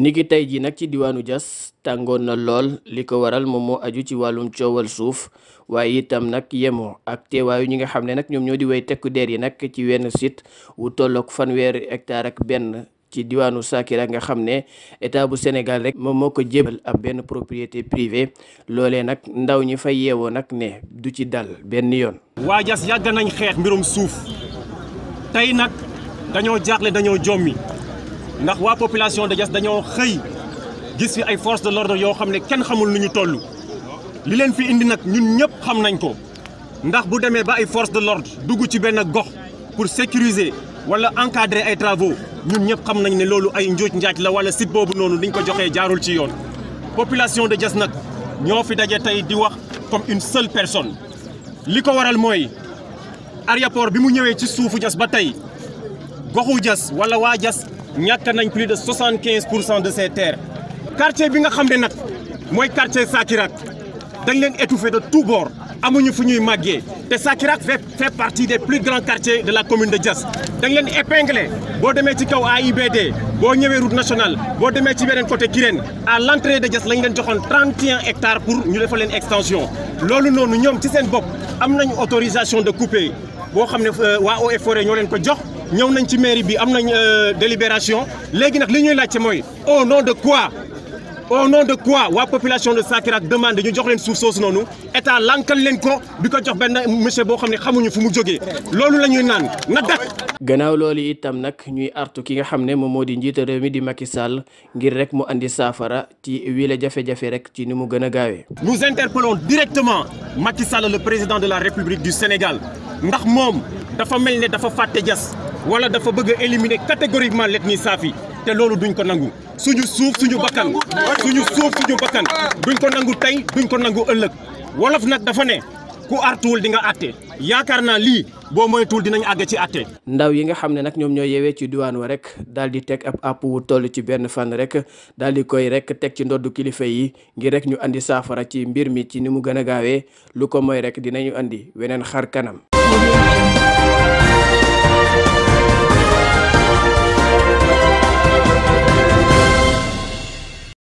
niki tey jii nag ci diwaanu Diass tàngoon na lool li ko waral moom moo aju ci wàllum coowal suuf waaye itam nag yemoo ak teewaayu ñi nga xam ne nag ñoom ñoo di way tekku deer yi nag ci wenn site wu tolloog fanweeri hectare ak benn ci diwaanu Sakira nga xam ne état bu senegal rek moom moo ko jébal ab benn propriété privée loolee nag ndaw ñi fay yeewoo nag ne du ci dal benn yoon. waa Diass yàgg nañ xeex mbirum suuf tey nag dañoo jaaxle dañoo jommi. ndax waa population de Diass dañoo xëy gis fi ay forces de l'ordre yoo xam ne kenn xamul nu ñu toll li leen fi indi nag ñun ñëpp xam nañ ko ndax bu demee ba ay forces de l'ordre dugg ci benn gox pour sécuriser wala encadrer ay travaux ñun ñëpp xam nañ ne loolu ay njuuj njaaj la wala site boobu noonu liñ ko joxee jaarul ci yoon population de Diass nak ñoo fi daje tey di wax comme une seule personne Liko ko waral mooy aéroport bi mu ñëwee ci suufu Diass ba tey goxu Diass wala waa Diass ñàkk nañ plus de 75 de ces terres quartier bi nga xam quartier Sakirak Vous êtes étouffé de tous bords amuñu fu ñuy màggee te Sakirak fait partie des plus grands quartiers de la commune de Diass épinglés. Si vous boo à ci kaw AIBD boo à route nationale vous demee ci beneen côté Kiren. à l'entrée de Diass vous avez 31 hectares pour une defal extension loolu noonu ñoom ci seen bopp am nañ autorisation de couper Si vous ne euh, waa Eaux vous avez une autorisation ko jox ñëw nañ ci mairie bi am euh, délibération léegi nag li ñuy laajte mooy au nom de quoi au nom de quoi waa population de Sakirac demande ñu jox leen suuf soosu noonu état lankal leen ko di jox benn monsieur boo xam xamuñu fu mu jógee loolu la na dak gannaaw loolu itam nak ñuy artu ki nga xam mom modi moo rew mi di Macky Sall ngir rek mu andi safara ci wile jafé jafé rek ci ni mu gëna gaawé nous interpellons directement Macky Sall le président de la République du Sénégal ndax mom dafa melni dafa faté jass wala dafa bëgg a éliminer catégoriquement l'ethnie saafi te loolu duñ ko nangu suñu suuf suñu bakkan suñu suuf suñu bakkan duñ ko nangu tey duñ ko nangu ëllëg wolof nag dafa ne ku artuwul di nga àtte yaakaar naa lii boo moytuwul dinañ àgg ci àtte. ndaw yi nga xam ne nag ñoom ñoo yewee ci diwaan wa rek daal teg ab àpp wu tollu ci benn fan rek daal di koy rek teg ci ndoddu kilifa yi ngir rek ñu indi saafara ci mbir mi ci ni mu gën a gaawee lu ko mooy rek dinañu andi weneen xar kanam.